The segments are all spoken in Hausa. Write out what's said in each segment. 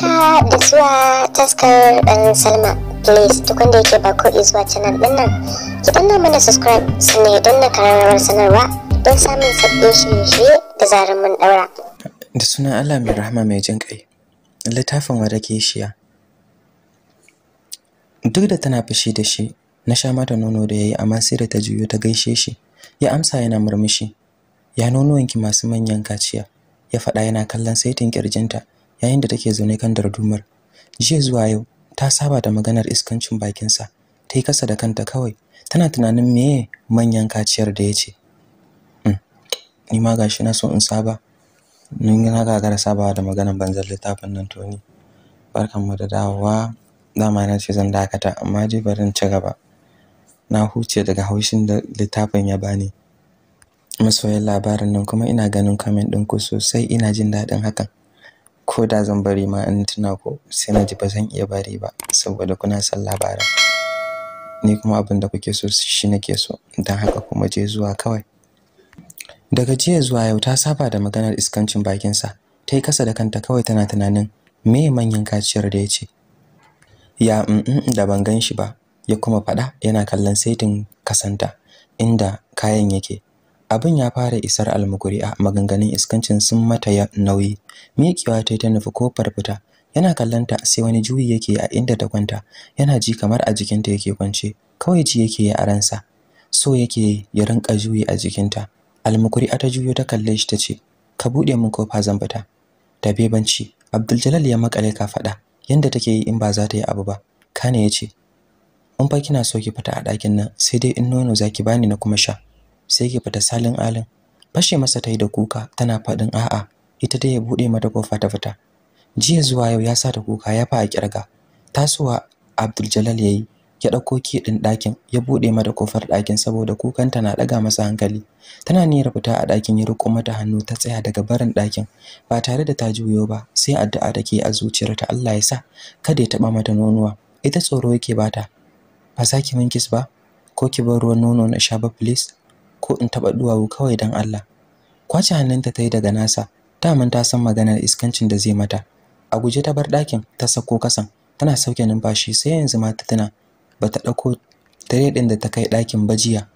haka da zuwa taskar dan salma please duk wanda yake ba ko zuwa canal din nan ki danna mana subscribe sannan ya danna karamar sanarwa don samun sabbin shirye-shirye da zarar mun daura da sunan allah mai rahama mai jin kai littafin warake shiya duk da tana fushi da shi na sha mata nono da yayi amma sai da ta juyo ta gaishe shi ya amsa yana murmushi ya nonuwanki masu manyan kaciya ya faɗa yana kallon saitin kirjinta yayin da take zaune kan dardumar jiya zuwa yau ta saba da maganar iskancin bakinsa ta yi kasa da kanta kawai tana tunanin meye manyan kaciyar da ya ce hmm, ni ma gashi na so in saba ni na gagara sabawa da maganar banzar littafin nan to ni mu da dawowa dama na ce zan dakata amma dai bari in ci gaba na huce daga haushin da littafin ya bani masoyan labarin nan kuma ina ganin comment ku sosai ina jin daɗin hakan ko da zan bari ma in tuna ko sai na ji ba zan iya bari ba saboda kuna son labaran ni kuma abin da kuke so shi nake so don haka kuma je zuwa kawai daga jiya zuwa yau ta saba da maganar iskancin bakinsa ta yi kasa da kanta kawai tana tunanin me manyan kaciyar da ya ce ya mm da ban gan shi ba ya kuma faɗa yana kallon saitin kasanta inda kayan yake abin ya fara isar almukuri'a maganganun iskancin sun mata ya nauyi miƙewa ta ta nufi ko fita yana kallanta sai wani juyi yake a inda ta kwanta yana ji kamar a jikinta yake kwance kawai ji yake a ransa so yake ya rinka juyi a jikinta almukuri'a ta juyo ta kalle shi ta ce ka buɗe min kofa zan fita da bebanci abdul ya makale ka faɗa yanda take yi in ba za ta yi abu ba kane ya ce in fa kina so ki fita a ɗakin nan sai dai in nono za ki bani na kuma sha sai ki fita salin alin fashe masa tai da kuka tana faɗin a'a ita dai ya buɗe mata kofa ta fita jiya zuwa yau ya sa ta kuka ya fa a kirga tasuwa Abdul Jalal yayi ya ɗauko ki ɗin ɗakin ya buɗe mata kofar ɗakin saboda kukanta na ɗaga masa hankali tana niyyar fita a ɗakin ya riko mata hannu ta tsaya daga barin ɗakin ba tare da ta juyo ba sai addu'a take a zuciyar ta Allah ya sa kada ya taba mata nonuwa ita tsoro yake bata ba za ki min kiss ba ko ki bar ruwan nono na sha ba please ko in taɓa duwawu kawai don Allah kwace hannunta ta yi daga nasa daman ta san maganar iskancin da zai mata a guje ta bar ɗakin ta sako kasan tana sauke numfashi sai yanzu ma ta tuna ba ta ɗauko tare ɗin da ta kai ɗakin ba jiya.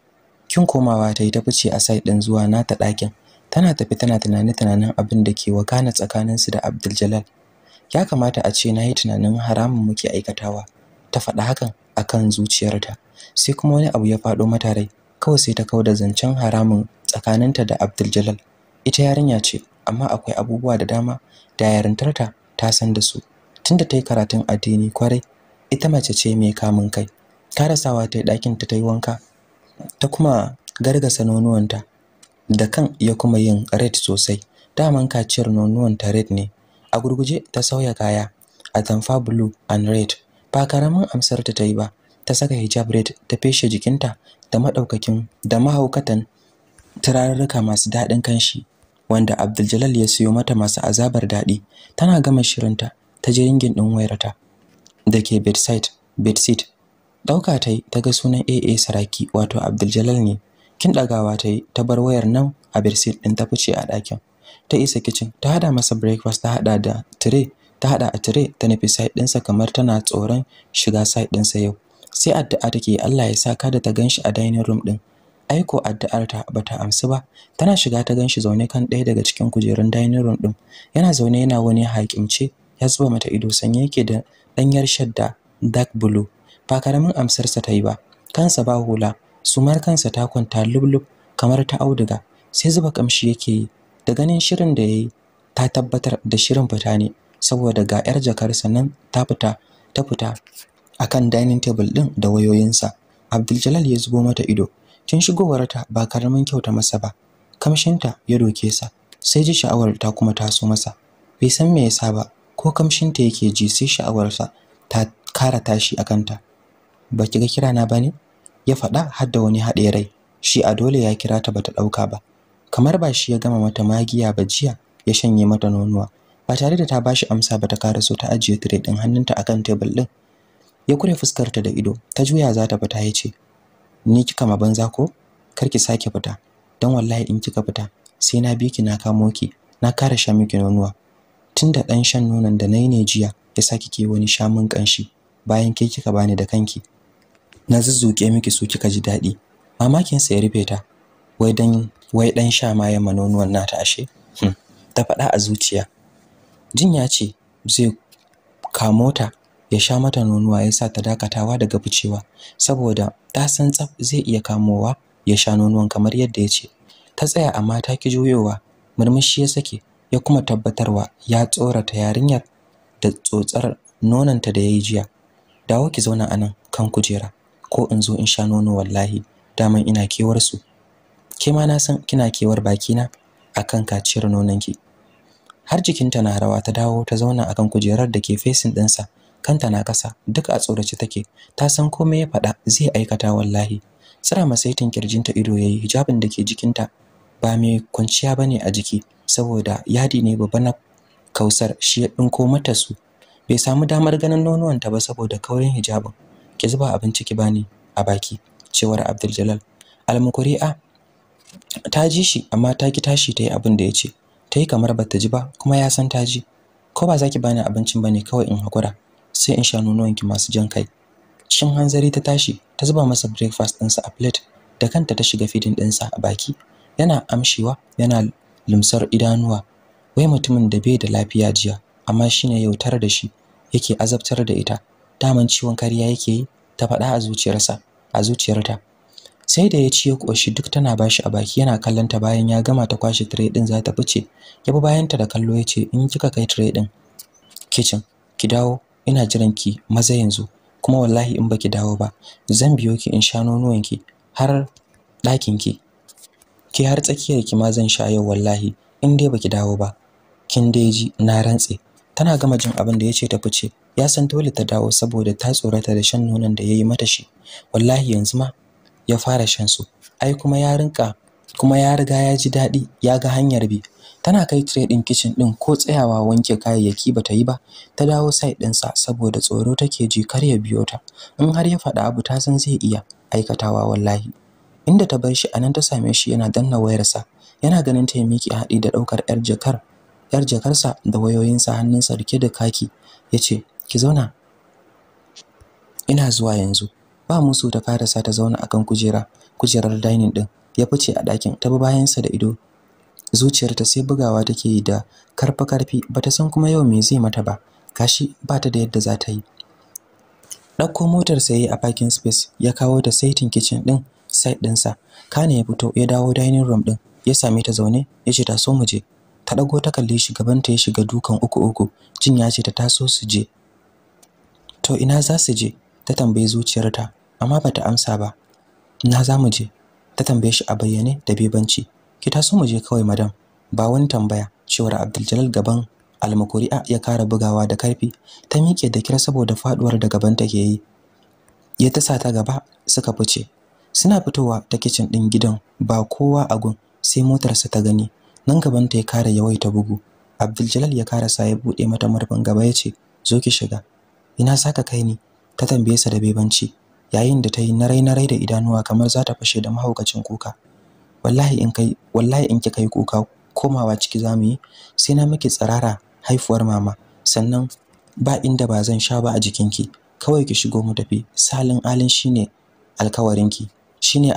kin komawa ta yi ta fice a sai ɗin zuwa nata ɗakin tana tafi tana tunani tunanin abin da ke wakana tsakaninsu da Abdul Jalal ya kamata a ce na yi tunanin haramun muke aikatawa ta faɗa hakan akan zuciyarta sai kuma wani abu ya faɗo mata rai kawai sai ta da zancen haramun tsakaninta da Abdul ita yarinya ce amma akwai abubuwa da dama da yarintarta ta san da su tunda ta yi karatun addini kwarai ita mace ce mai kamun kai karasawa ta yi ɗakin ta yi wanka ta kuma gargasa nonuwanta da kan ya kuma yin red sosai daman kaciyar nonuwanta red ne a gurguje ta sauya kaya a tamfa blue and red ba karamin amsar ta yi ba ta saka hijab red ta feshe jikinta da madaukakin da mahaukatan turarurruka masu daɗin kanshi wanda Abdul ya siyo mata masu azabar daɗi tana gama shirinta ta je ringin ɗin wayarta da ke bedside bedside ɗauka tai yi ta ga sunan AA Saraki wato Abdul ne kin ɗagawa ta ta bar wayar nan a bedside ɗin ta fice a ɗakin ta isa kicin ta hada masa breakfast ta hada da tire ta hada a tire ta nufi side ɗinsa kamar tana tsoron shiga side ɗinsa yau sai addu'a take Allah ya saka da ta ganshi a dining room din aiko addu'ar ta bata amsu ba tana shiga ta ganshi zaune kan ɗaya daga cikin kujerun dining room din yana zaune yana wani haƙimce ya zuba mata ido sanye yake da danyar shadda dark blue ba karamin amsarsa ta yi ba kansa ba hula sumar kansa ta kwanta lublub kamar ta auduga sai zuba kamshi yake yi da ganin shirin da yayi ta tabbatar da shirin fita ne saboda ga yar jakarsa nan ta fita ta fita akan dining table din da wayoyinsa Abdul ya zubo mata ido tun ta ba karamin kyauta masa ba kamshinta ya doke sa sai ji sha'awar ta kuma taso masa bai san me yasa ba ko kamshinta yake ji sai sha'awar sa ta kara tashi a kanta ba ki ga kira na bane ya faɗa har da wani haɗe rai shi a dole ya kira ta bata ɗauka ba kamar ba shi ya gama mata magiya ba jiya ya shanye mata nonuwa ba tare da ta bashi amsa ba ta karaso ta ajiye tire din hannunta akan table din ya kure fuskarta da ido ta juya za ta fita ya ce ni kika ma banza ko kar ki sake fita dan wallahi in kika fita sai na bi ki na kamo ki na kara sha miki nonuwa tunda dan shan nonon da nayi ne jiya ya saki ke wani shamun kanshi bayan ke kika bani da kanki na zuzzuke miki su kika ji dadi mamakin sa ya rufe ta wai dan wai dan sha ma ya ma manonuwan nata ashe hmm. ta faɗa a zuciya jin ya ce zai kamo ta ya sha mata nonuwa ya sa ta dakatawa daga ficewa saboda ta san tsaf zai iya kamowa ya sha nonuwan kamar yadda ya ce ta tsaya amma ta ki juyowa murmushi ya sake ya kuma tabbatarwa ya tsorata yarinyar da tsotsar nonanta da ya yi jiya dawo ki zauna anan kan kujera ko in zo in sha nono wallahi daman ina kewarsu. su ke ma na san kina kewar bakina akan kaciyar nonanki har jikinta na rawa ta dawo ta zauna akan kujerar da ke fesin ɗinsa kanta na kasa, duk a tsorace take ta san komai ya faɗa zai aikata wallahi tsira masaitin kirjinta ido yayi hijabin da ke jikinta ba mai kwanciya bane a jiki saboda yadi ne babba na kausar shi ya ɗinko mata su bai samu damar ganin nonuwanta ba saboda kaurin hijabin ki zuba abinci ki bani a baki cewar Abdul Jalal almukuri'a ta ji shi amma ta ki tashi ta yi abin da ya ce ta yi kamar bata ji ba kuma ya san ta ji ko ba za ki bani abincin bane kawai in hakura sai in sha nonuwanki masu jan kai cikin hanzari ta tashi ta zuba masa breakfast ɗinsa a plate da kanta ta shiga fidin ɗinsa a baki yana amshewa yana lumsar idanuwa wai mutumin da bai da lafiya jiya amma shine yautar da shi yake azabtar da ita daman ciwon kariya yake yi ta faɗa a zuciyarsa a zuciyarta sai da ya ci ya ƙoshi duk tana bashi a baki yana kallon ta bayan ya gama ta kwashe tire din za ta fice ya bi bayanta da kallo ya ce in kika kai tire din kitchen ki dawo ina jiran ki maza yanzu kuma wallahi in baki dawo ba zan biyo ki in sha ki, har ɗakin ki ki har tsakiyar ki ma zan sha yau wallahi in dai baki dawo ba kin dai ji na rantse tana gama jin abin da ce ta fice ya san dole ta dawo saboda ta tsorata da shan nonon da yayi mata shi wallahi yanzu ma ya fara shan su ai kuma ya rinka kuma ya riga ya ji daɗi ya ga hanyar bi tana kai tire din kicin ɗin ko tsayawa wanke kayayyaki bata yi ba ta dawo side ɗinsa saboda tsoro take ji kar ya biyo ta in har ya faɗa abu ta san zai iya aikatawa wallahi inda ta bar shi anan ta same shi yana danna wayar sa, yana ganin ta miki haɗi da ɗaukar yar jakar yar jakarsa da wayoyinsa sa rike da kaki yace ki zauna ina zuwa yanzu ba musu ta sa ta zauna akan kujera kujerar dining din ya fice a ɗakin ta bi bayansa da ido zuciyarta sai bugawa take yi da karfi karfi bata san kuma yau me zai mata ba kashi bata da yadda za ta yi ɗauko motar saye a parking space ya kawo da saitin kitchen ɗin side ɗinsa kane ya fito ya dawo dining room ɗin ya same ta zaune ya ce ta so mu je ta ɗago ta kalle shi gabanta ya shiga dukan uku uku jin ya ce ta taso su je to ina za su je ta tambayi zuciyarta amma bata amsa ba ina za mu je ta tambaye shi a bayyane da bebanci ki taso mu je kawai madam ba wani tambaya cewar Abdul gaban almakuri'a ya kara bugawa da karfi ta miƙe da kira saboda faduwar da gaban ke yi ya tasa ta gaba suka fice suna fitowa ta kicin din gidan ba kowa a gun sai motarsa ta gani nan gaban ta ya kara yawaita bugu Abdul ya kara sa ya bude mata murfin gaba ya ce zo ki shiga ina saka kai ni ta tambaye sa da bebanci yayin da ta yi narai narai da idanuwa kamar za ta fashe da mahaukacin kuka wallahi in kai wallahi in kika yi kuka komawa ciki zamu yi sai na miki tsirara haifuwar mama sannan ba inda ba zan sha ba a jikinki kawai ki shigo mu tafi salin alin shine alkawarinki shine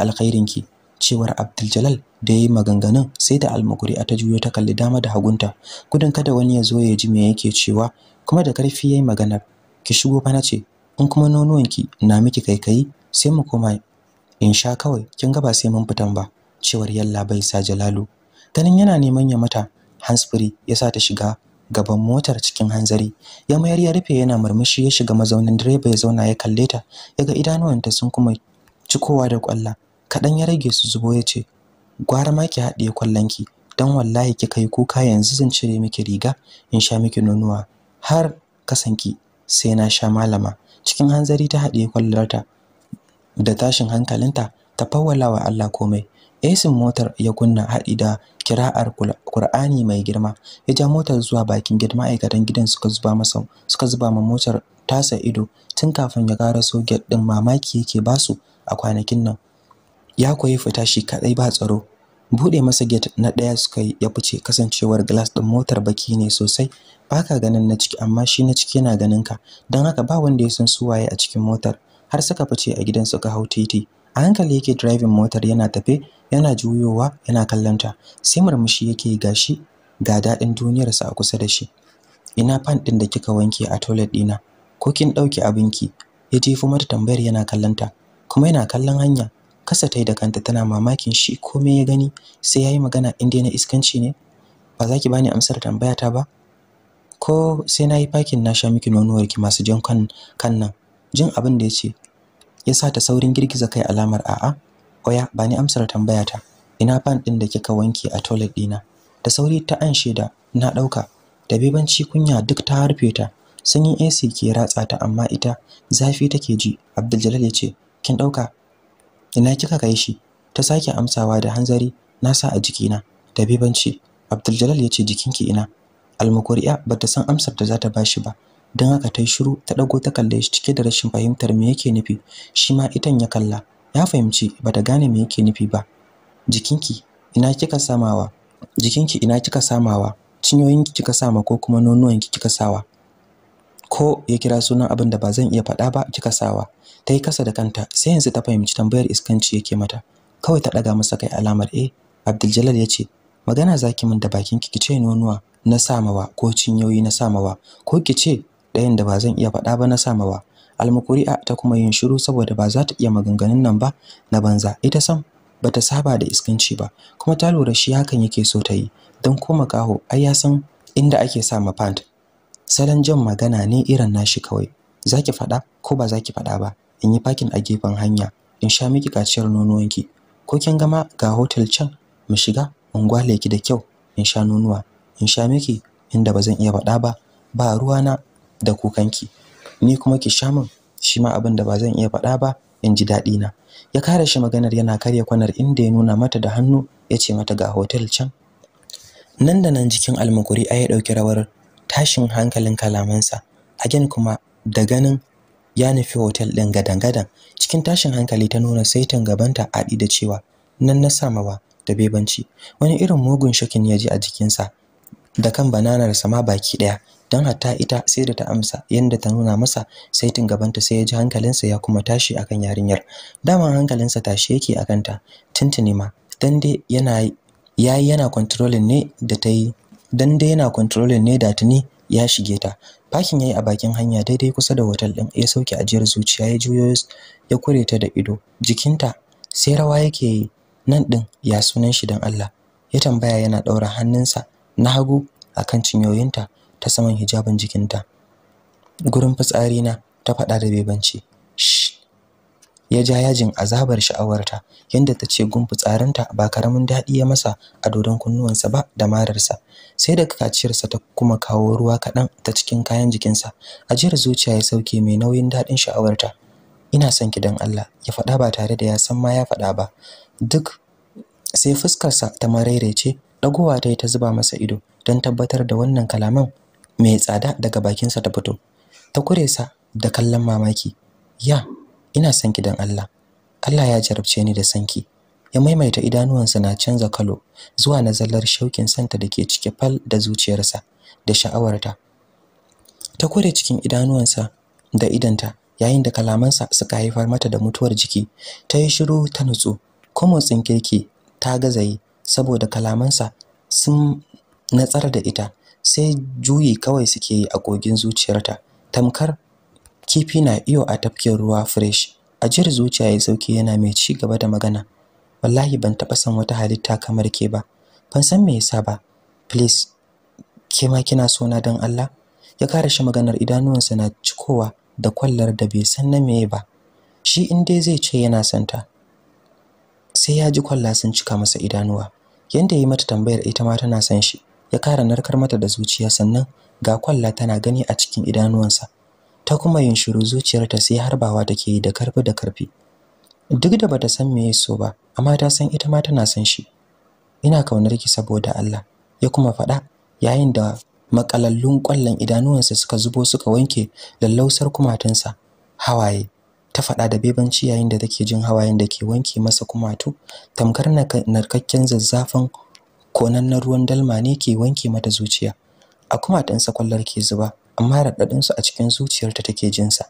ki? cewar Abdul da yayi maganganun sai da a ta juyo ta kalli dama da hagunta gudun kada wani ya zo ya ji me yake cewa kuma da karfi yayi maganar ki shigo fa ce. in kuma ki, na miki kaikayi sai mu koma in sha kawai kin ga ba sai mun fitan ba cewar yalla bai sa Jalalu ganin yana neman ya mata hansfuri ya sa ta shiga gaban motar cikin hanzari ya mayar ya rufe yana murmushi ya shiga mazaunin direba ya zauna ya kalle ta yaga idanuwanta sun kuma cikowa da kwalla kadan ya rage su zubo ya ce gwara ma ki haɗiye kwallonki don wallahi kika yi kuka yanzu zan cire miki riga in sha miki nonuwa har kasanki sai na sha malama cikin hanzari ta haɗiye kwallarta da tashin hankalinta ta fawwala wa Allah komai esin motar ya kunna haɗi da kira'ar Kur'ani mai girma ya ja motar zuwa bakin girma ma'aikatan gidan suka zuba masa suka zuba ma motar tasa ido tun kafin ya gara so gate din mamaki yake basu a kwanakin nan ya koyi fita shi kadai ba tsaro bude masa gate na daya suka yi ya fice kasancewar glass din motar baki ne sosai baka ganin na ciki amma shi na ciki yana ganin ka don haka ba wanda ya san su waye a cikin motar har suka fice a gidan suka hau titi a hankali yake driving motar yana tafe yana juyowa yana kallon sai murmushi yake gashi ga daɗin duniyar sa a kusa da shi ina fan ɗin da kika wanke a toilet dina ko kin dauki abinki ya jefo mata tambayar yana kallon kuma yana kallon hanya kasa tai da kanta tana mamakin shi komai ya gani sai yayi magana inda na iskanci ne ba za ki bani amsar tambaya ta ba ko sai na yi fakin na sha miki nonuwarki masu jan kan kan nan jin abin da ya ce ya sa ta saurin girgiza kai alamar a'a oya ba ni amsar tambayata ina fan din da kika wanke a toilet dina da sauri ta anshe da na dauka da bibanci kunya duk ta harfe ta sanyin AC ke ratsa ta amma ita zafi take ji Abdul ya ce kin dauka ina kika kai shi ta sake amsawa da hanzari na sa a jikina da bibanci. Abdul ya ce jikinki ina almukuriya bata san amsar da za ta bashi ba don haka ta yi shiru ta ɗago ta kalle shi cike da rashin fahimtar me yake nufi shi ma itan ya kalla ya fahimci ba ta gane me yake nufi ba jikinki ina kika samawa jikinki ina kika samawa cinyoyinki kika sama ko kuma nonuwanki kika sawa ko ya kira sunan abin da ba zan iya faɗa ba kika sawa ta yi kasa da kanta sai yanzu ta fahimci tambayar iskanci yake mata kawai ta ɗaga masa kai alamar e eh, abdul ya ce magana zaki min da bakinki kice nonuwa na samawa ko cinyoyi na samawa ko kice ɗayan da ba zan iya faɗa ba na sama ba almukuri'a ta kuma yin shiru saboda ba za ta iya maganganun nan ba na banza ita sam bata saba da iskanci ba kuma ta lura shi hakan yake so ta yi don ko makaho ai ya san inda ake sa ma pant salon jan magana ne irin nashi kawai zaki faɗa ko ba zaki faɗa ba in yi pakin a gefen hanya in sha miki kaciyar nonuwanki ko kin gama ga hotel can mu shiga in gwale ki da kyau in sha nonuwa in sha miki inda ba zan iya faɗa ba ba ruwana da kukan ki, ni kuma ki sha min shi ma abin da ba zan iya faɗa ba in ji daɗi na ya kare shi maganar yana karya kwanar inda ya nuna mata da hannu ya ce mata ga hotel can nan da nan jikin almukuri ya ɗauki rawar tashin hankalin kalamansa hagen kuma da ganin ya nufi hotel ɗin gadan-gadan cikin tashin hankali ta nuna saitin gabanta aɗi da cewa nan na samawa da bebanci wani irin mugun shakin ya ji a jikinsa da kan bananarsa ma baki ɗaya don hatta ita sai da ta amsa yadda ta nuna masa sai saitin gabanta sai ya ji hankalinsa ya kuma tashi akan yarinyar Dama hankalinsa tashi yake akan ta tuntuni ma dan dai yana yayi yana controlling ne da ta yi dan dai yana controlling ne da tuni ya shige ta fakin yayi a bakin hanya daidai kusa da hotel din ya sauke ajiyar zuciya ya juyo ya kure ta da ido jikinta sai rawa yake nan din ya sunan shi dan Allah ya tambaya yana ɗaura hannunsa na hagu a kan cinyoyinta ta saman hijabin jikinta gurin fitsari na ta faɗa da bebanci ya ja yajin azabar sha'awarta yadda ta ce gun fitsarinta ba karamin daɗi ya masa a dodon kunnuwansa ba da mararsa sai da kaciyarsa ta kuma kawo ruwa kaɗan ta cikin kayan jikinsa ajiyar zuciya ya sauke mai nauyin daɗin sha'awarta ina son ki Allah ya faɗa ba tare da ya san ma ya faɗa ba duk sai fuskarsa ta ce. ɗagowa ta yi ta zuba masa ido don tabbatar da wannan kalaman mai tsada daga bakinsa ta fito ta kure sa da kallon mamaki ya ina son gidan Allah Allah ya jarabce ni da sanki ya maimaita idanuwansa na canza kalo zuwa na zallar shaukin santa da ke cike fal da zuciyarsa da sha'awarta ta kure cikin idanuwansa da idanta yayin da kalamansa suka haifar mata da mutuwar jiki ta yi shiru ta nutsu kuma motsin kirki ta gazaye saboda kalamansa sun natsar da ita sai juyi kawai suke yi a kogin zuciyarta tamkar kifi na iyo a tafkin ruwa fresh ajiyar zuciya ya sauke yana mai ci gaba da magana wallahi ban taɓa san wata halitta kamar ke ba ban san me yasa ba please ke ma kina so na don Allah ya kare shi maganar idanuwansa na cikowa da kwallar da bai san na me ba shi in dai zai ce yana santa sai ya ji kwalla sun cika masa idanuwa yanda yi mata tambayar ita ma tana san shi ya kara narkar mata da zuciya sannan ga kwalla tana gani a cikin idanuwansa ta kuma yin shiru zuciyarta sai harbawa take yi da karfi da karfi duk da bata san me so ba amma ta san ita ma tana san shi ina kaunar ki saboda Allah ya kuma faɗa yayin da makalallun kwallon idanuwansa suka zubo suka wanke lallausar kumatunsa hawaye ta faɗa da bebanci yayin da take jin hawayen da ke wanke masa kumatu tamkar narkakken zazzafan konannen ruwan dalma ne ke wanke mata zuciya a kumatansa kwallar ke zuba amma raɗaɗinsu a cikin zuciyarta take jinsa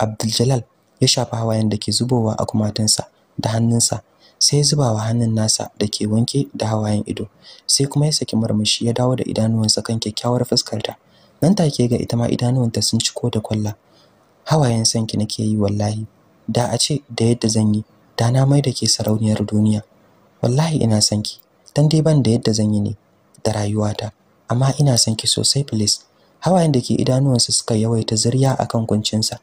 abdul ya shafa hawayen da ke zubowa a kumatunsa da hannunsa sai ya zubawa hannun nasa da ke wanke da hawayen ido sai kuma ya saki murmushi ya dawo da idanuwansa kan kyakkyawar fuskarta nan take ga ita ma idanuwanta sun ciko da kwalla hawayen sanki nake yi wallahi da a ce da yadda zan yi da na mai da ke sarauniyar duniya wallahi ina sanki dan dai ban da yadda zan yi ne da rayuwata amma ina sanki sosai please hawayen da ke idanuwansa suka yawaita zirya kan kuncinsa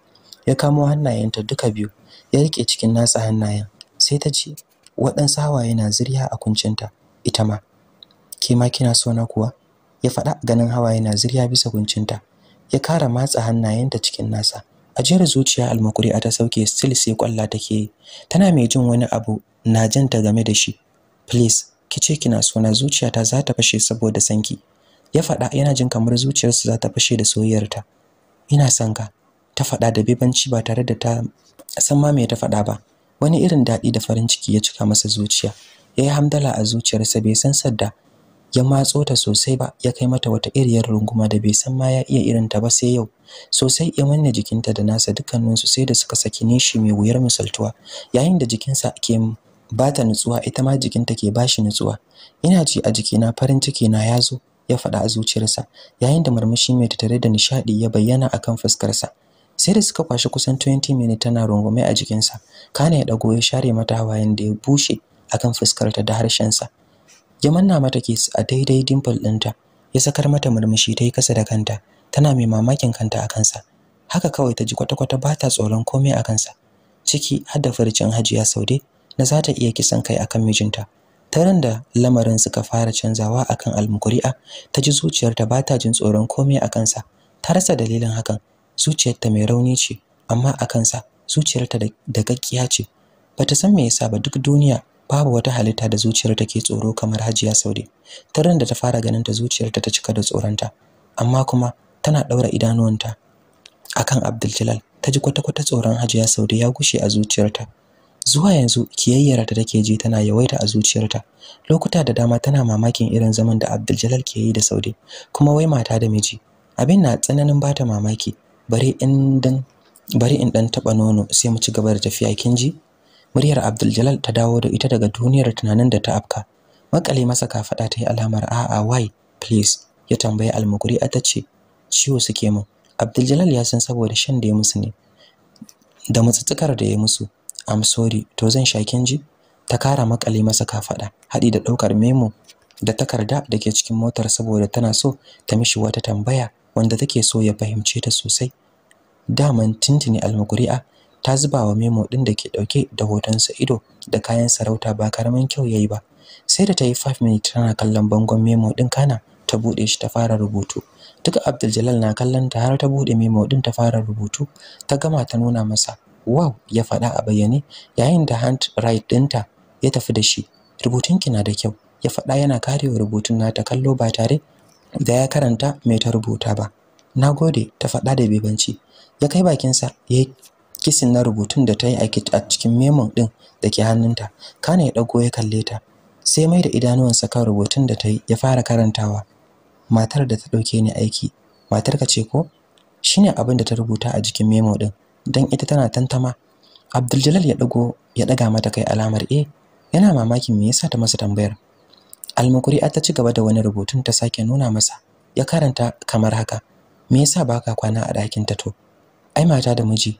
ya kamo hannayenta duka biyu ya rike cikin nasa hannayen sai ta ce waɗansu hawaye na zirya a kuncinta ita ma ke ma kina so na kuwa ya faɗa ganin hawaye na zirya bisa kuncinta ya kara matsa hannayenta cikin nasa ajiyar zuciya a ta sauke still sai kwalla take yi tana mai jin wani abu na janta game da shi please ki ce kina sona zuciyata za ta fashe saboda sanki ya faɗa yana jin kamar zuciyarsa za ta fashe da soyayyarta ina son ka ta faɗa da bibanci ba tare da ta san ma me ta faɗa ba wani irin daɗi da farin ciki ya cika masa zuciya ya yi hamdala a zuciyarsa bai san sadda ya matso ta sosai ba ya kai mata wata iriyar runguma da bai san ma ya iya irin ta ba sai yau sosai ya manne jikinta da nasa su sai da suka saki nishi mai wuyar misaltuwa yayin da jikinsa ke ba ta nutsuwa ita ma jikinta ke bashi nutsuwa ina ji a jikina farin ciki na yazo ya faɗa a zuciyarsa yayin da murmushi mai tattare da nishadi ya bayyana akan fuskarsa sai da suka kwashi kusan 20 minutes tana rungume a jikinsa kana ya dago ya share mata hawayen da ya bushe akan fuskarta da harshensa ya manna mata kes a daidai dimple ɗinta ya sakar mata murmushi ta yi kasa da kanta tana mai mamakin kanta a kansa haka kawai ta ji kwata-kwata ba ta tsoron komai a kansa ciki har da farcin hajiya saude na za ta iya kisan kai akan mijinta ta ran da lamarin suka fara canzawa akan almukuri'a ta ji zuciyarta ba ta jin tsoron komai a kansa ta rasa dalilin hakan zuciyarta mai rauni ce amma a kansa zuciyarta da gaggiya ce bata san me yasa ba duk duniya babu wata halitta da zuciyar take tsoro kamar Hajiya saudi tarin da ta fara ganin ta zuciyarta ta cika da tsoronta amma kuma tana daura idanuwanta akan Abdul Jalal ta ji kwata-kwata tsoron Hajiya Saude ya gushe a zuciyarta zuwa yanzu kiyayyar ta take ji tana yawaita a zuciyarta lokuta da dama tana mamakin irin zaman da Abdul Jalal ke yi da saudi kuma wai mata da miji abin na tsananin bata mamaki bari in bari in dan taba nono sai mu ci gaba da tafiya kin ji muryar Abdul ta dawo da ita daga duniyar tunanin da ta afka makale masa kafada ta yi alamar a'a why please ya tambayi almuguri ta ce ciwo suke min Abdul ya san saboda shan da ya musu ne da mutsutsukar da ya musu I'm sorry to zan shakin ji ta kara makale masa kafada haɗi da ɗaukar memo da takarda da ke cikin motar saboda tana so ta mishi wata tambaya wanda take so ya fahimce ta sosai daman tintini almukuri'a ta zuba wa memo ɗin da ke ɗauke da hotonsa ido da kayan sarauta ba karamin kyau yayi ba sai da ta yi 5 minutes tana kallon bangon memo ɗin kana ta buɗe shi ta fara rubutu duka Abdul na kallon ta har ta buɗe memo ɗin ta fara rubutu ta gama ta nuna masa wow ya faɗa a bayyane yayin da hand handwrite ɗinta ya tafi da shi rubutun ki na da kyau ya faɗa yana karewa rubutun na ta kallo ba tare da ya karanta mai ta rubuta ba. Na gode ta faɗa da bebanci. Ya kai bakinsa ya kisin na rubutun da ta yi a cikin memon ɗin da ke hannunta kana ya ɗago ya kalle ta sai mai da idanuwansa kan rubutun da ta yi ya fara karantawa matar da ta ɗauke ni aiki matar ka ce ko shine abin da ta rubuta a jikin memo ɗin don ita tana tantama abdul ya ɗago ya ɗaga mata kai alamar e yana mamakin me yasa ta masa tambayar almakuri ta ci gaba da wani rubutun ta sake nuna masa ya karanta kamar haka me yasa baka kwana a ɗakin ta to ai mata da miji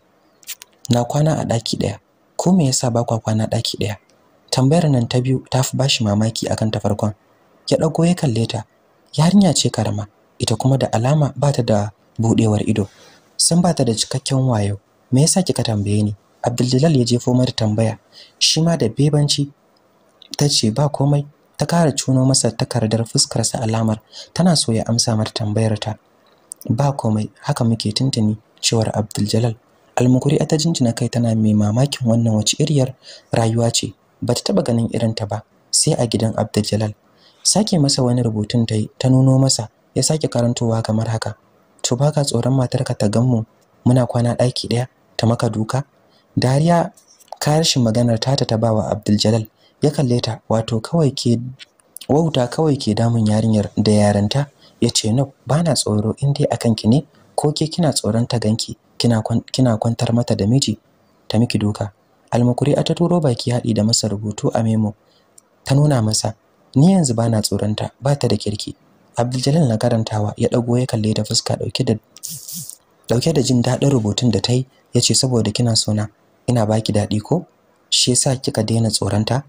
na kwana a ɗaki ɗaya ko me yasa ba kwa kwana ɗaki ɗaya tambayar nan ta biyu ta fi bashi mamaki akan ta farkon ya ɗago ya kalle ta yarinya ce karama ita kuma da alama ba ta da buɗewar ido san ba ta da cikakken wayo me yasa kika tambaye ni Abdul ya jefo mata tambaya shi ma da bebanci ta ce ba komai ta kara cuno masa takardar fuskarsa alamar tana so ya amsa mata tambayar ta ba komai haka muke tuntuni cewar Abdul almukuri ta jinjina kai tana mai mamakin wannan wace iriyar rayuwa ce Ba ta taba ganin irin ta ba sai a gidan Abdul sake masa wani rubutun ta ta nuno masa ya sake karantowa kamar haka to baka tsoron matarka ta ganmu muna kwana ɗaki ɗaya ta maka duka dariya kayar shi maganar tata ta bawa Abdul ya kalle ta wato kawai ke wauta kawai ke damun yarinyar da yaranta ya ce no bana tsoro in dai akan ki ne ko ke kina tsoron ta ganki kina kina kwantar mata da miji ta miki duka almukuri ta turo baki haɗi da masa rubutu a memo ta nuna masa ni yanzu bana tsoronta ba ta da kirki Abdul na karantawa ya dago ya kalle da fuska dauke da dauke da jin dadin rubutun da tai yace saboda kina sona ina baki dadi ko shi yasa kika daina tsoranta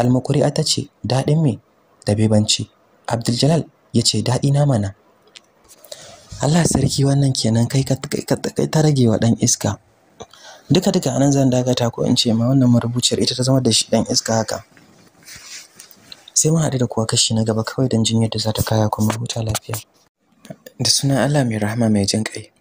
almukuri ta ce dadin me da bebanci Abdul Jalal yace dadi na mana Allah sarki wannan kenan kai ka kai ta rage wa dan iska duka duka anan zan dakata ko in ce ma wannan marubuciyar ita ta zama da shi dan iska haka sai mun haɗu da kuwa kashi na gaba kawai dan jin da za ta kaya kuma huta lafiya da sunan Allah mai rahama mai jin ƙai